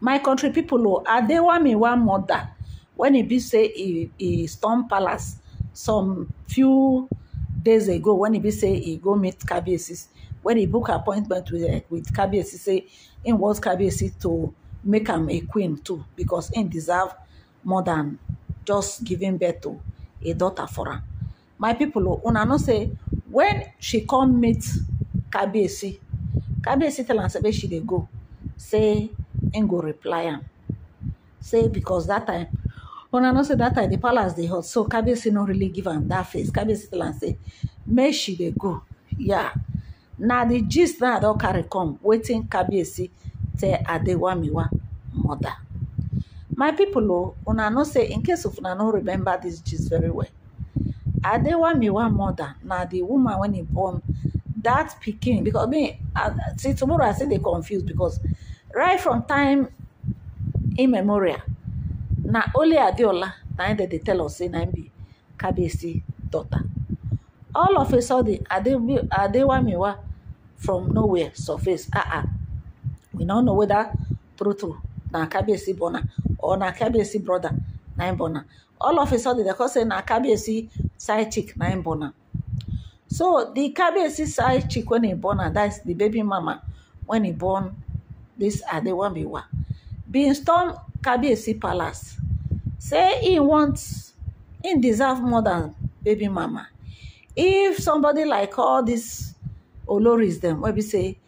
my country people, pipo me one mother. When he be say he stormed palace some few days ago When he be say he go meet kabiyesi When he book appointment with eh, kabiyesi say he want kabiyesi to make him a queen too because he deserve more than just giving birth to a daughter for her. my people, una know say she come meet kabiyesi kabiyesi tell am say she dey go say and go reply him. say because that time I know say that time the palace they hot so kabiyesi no really give him that face kabiyesi tell am say may she dey go yeah na now gist na i don carry come wetin kabiyesi tell adewamiwa mother my pipo when I know say in case of una know remember this gist very well adewamiwa mother Now the woman when e born that pikin because me see tomorrow i say they confused because right from time immemorial na only adiola na im dey tell us say na im be kabesi daughter all of a sudden Adewamewa from nowhere surface ah ah we no know whether true true na kabesi borna or na kabesi brother na im borna all of a sudden dem come say na kabesi side chick na im borna so di kabesi side chick wen e borna that is di baby mama wen e born These are the one be one. Being stormed Kabiyesi palace. Say he wants, he deserve more than baby mama. If somebody like all these Oloris them, we we say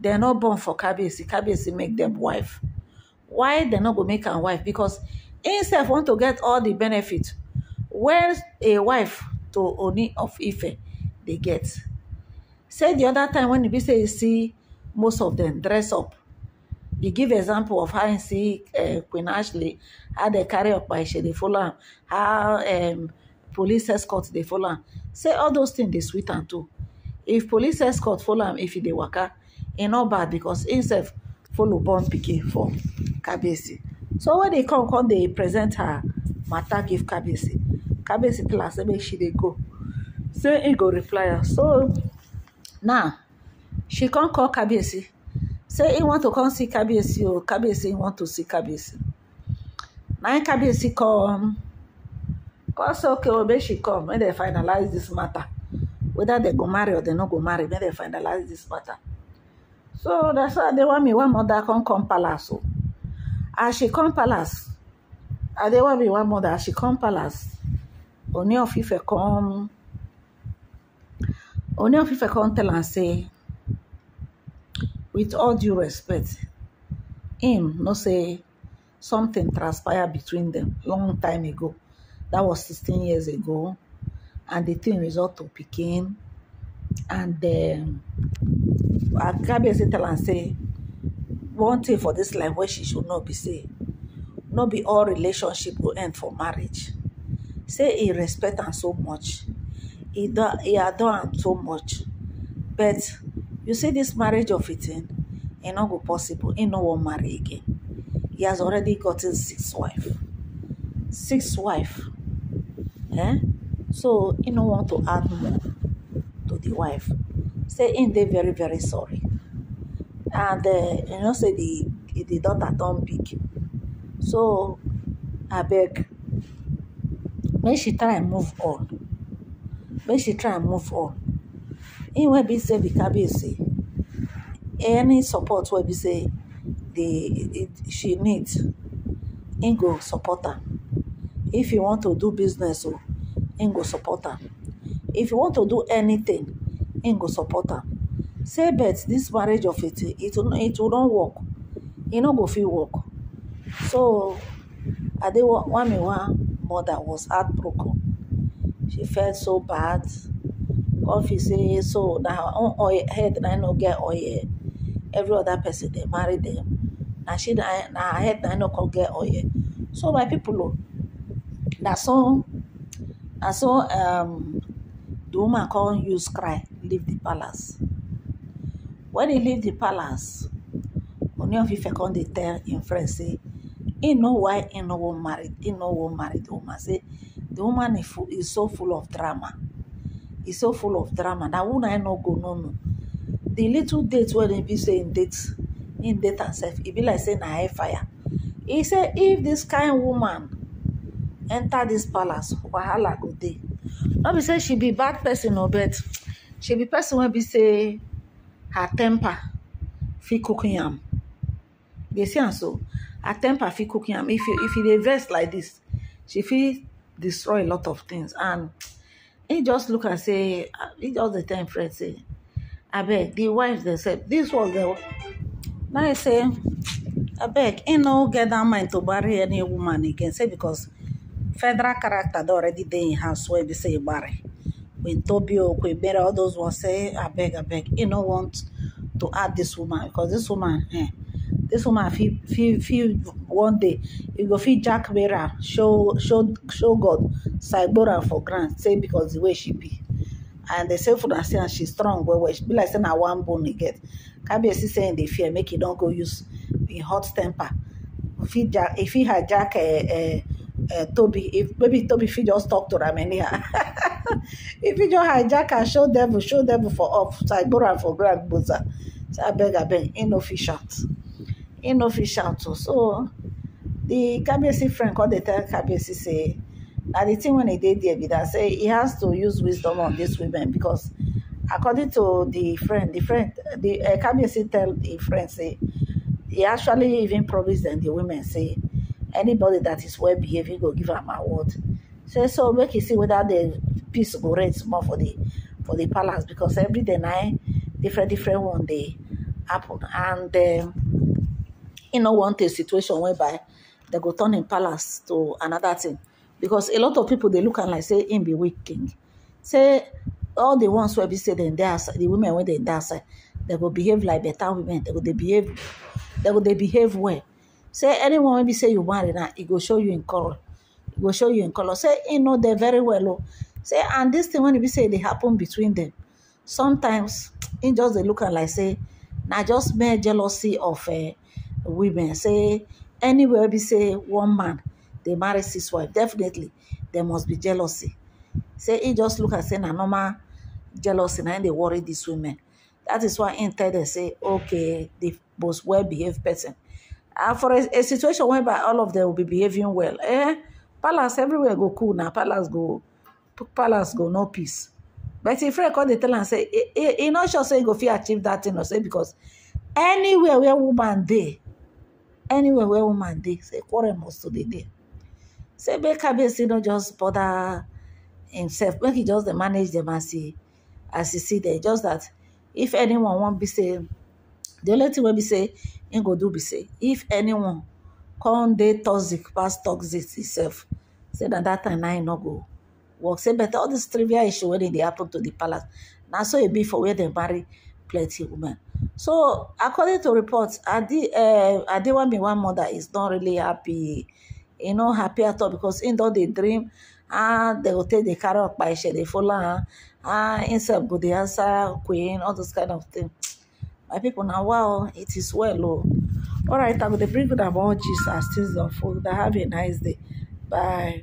they're not born for Kabiyesi, Kabiyesi make them wife. Why they not go make a wife? Because himself want to get all the benefit. Where's a wife to Oni of Ife they get? Say the other time when we say see most of them dress up you give example of how you see uh, queen ashley how they carry up okpaise dey follow am how um, police escort dey follow am say all those things they sweet and too if police escort follow am if he dey waka e not bad because im e follow born picky for kabiyesi so when they come come they present her matter give kabiyesi kabiyesi tell her say make she they go say so, e im go reply her so now she can't call kabiyesi say he want to come see kabiyesi or kabiyesi want to see kabiyesi na him come come say okay o she come when they finalize this matter whether they go marry or they no go marry when they finalize this matter so that's why they want me one mother come come palace o oh. as she come palace me one mother as she come palace oni if ife come oni if ife come tell am say. with all due respect him no say something transpire between them long time ago That was 16 years ago and the tin result to pikin and um, akabiesi tell and say one thing for this life where she should not be say not be all relationship go end for marriage say he respect am so much he do he adore am so much but you see this marriage of a thing e no go possible e no wan marry again he has already gotten six wife six wife eh so he no want to add more to the wife say im e they very very sorry and eh, you know say di daughter don't pick. so I beg, may she try and move on May she try and move on in wey be say the kabiyesi any support wey be say the she need im go support am if you want to do business o oh, im go support am if you want to do anything im go support am say bet this marriage of it it will not work e no go fit work so adewamiwa mother was heartbroken she felt so bad office eh, so na on oil head na no get oil every other person dey marry them na she na na head na no come get oil so my people o oh, na so na so um, the woman come use cry leave the palace when he leave the palace Ooni of Ife come dey tell him friend say he know why he no wan marry he no wan marry the woman say the woman is, full, is so full of drama. e so full of drama Now when I no go no no the little date wey dem be say in date and self, herself be like saying I fire He said if this kind woman enter this palace wahala go dey no be say she be bad person or bet she be person wey be say her temper fit cook yam They say am so her temper fit cook yam if you if you dey like this, she fit destroy a lot of things and he just look and say ah, he all the time friend say beg, the wife they say this was the now he say beg, he no get that mind to marry any woman again say because federal character already there in house where they say bury. marry with tobi okwebere all those ones say abeg beg, he no want to add this woman because this woman eh This woman fit fit fit one day you go fit jack mary show show show god sigbora for ground say because the way she be and they say for say she strong well well she be like say na one bone e get kabiyesi say im dey fear make e don go use im hot temper fit jack e fit hijack uh, eh, uh, eh, eh, Toby if maybe tobi fit just talk to am anyhow if you just hijack and show devil show devil for up sigbora for ground gboza say abeg abeg e no fit shout. In no fit shout o so the kabiyesi friend come dey tell kabiyesi say na the thing when he dey there be that say he has to use wisdom on these women because according to the friend the friend the uh, eh, kabiyesi tell the friend say he actually even promise dem the women say anybody that is well behaving go give am award say so make you see whether the peace go reign small for the for the palace because every day na different different one dey happen and. Uh, e no want a situation whereby they go turn in palace to another thing because a lot of people they look and like say him be weak king say all the ones where be say dem dey the women wey dey dey outside they will behave like better women They will behave they will they behave well say anyone when be say you marry now, e go show you in colour e go show you in colour say him know they very well oh. say and this thing when we say they happen between them, sometimes in just they look and like say now just mere jealousy of eh, women say anywhere we say one man they marry six wife definitely there must be jealousy say he just look at saying a normal jealousy and they worry these women That is why him they say okay the most well behaved person and for a situation whereby all of them will be behaving well eh palace everywhere go cool now. palace go palace go no peace but if friend call the tell and say you not sure say go fear achieve that thing or say because anywhere where woman there. anywhere where woman dey say quarrel must to dey there say make kabiyesi no just bother himself make he just dey manage dem as he as he see there. just that if anyone wan be say the only thing wey be say him go do be say if anyone come dey toxic pass toxic itself say na that time na him no go work say but all this trivial issue wey dey happen to the palace na so e be for where dem marry plenty women. So according to reports, Adi, uh, eh, Adewami one mother is not really happy, you know, happy at all because in though they dream, ah, uh, they will take the carry by she, they follow her, ah, uh, inside go the answer, queen, all those kind of things. My people now, wow, it is well, oh. All right, I will bring you the more Jesus as things unfold. Have a nice day. Bye.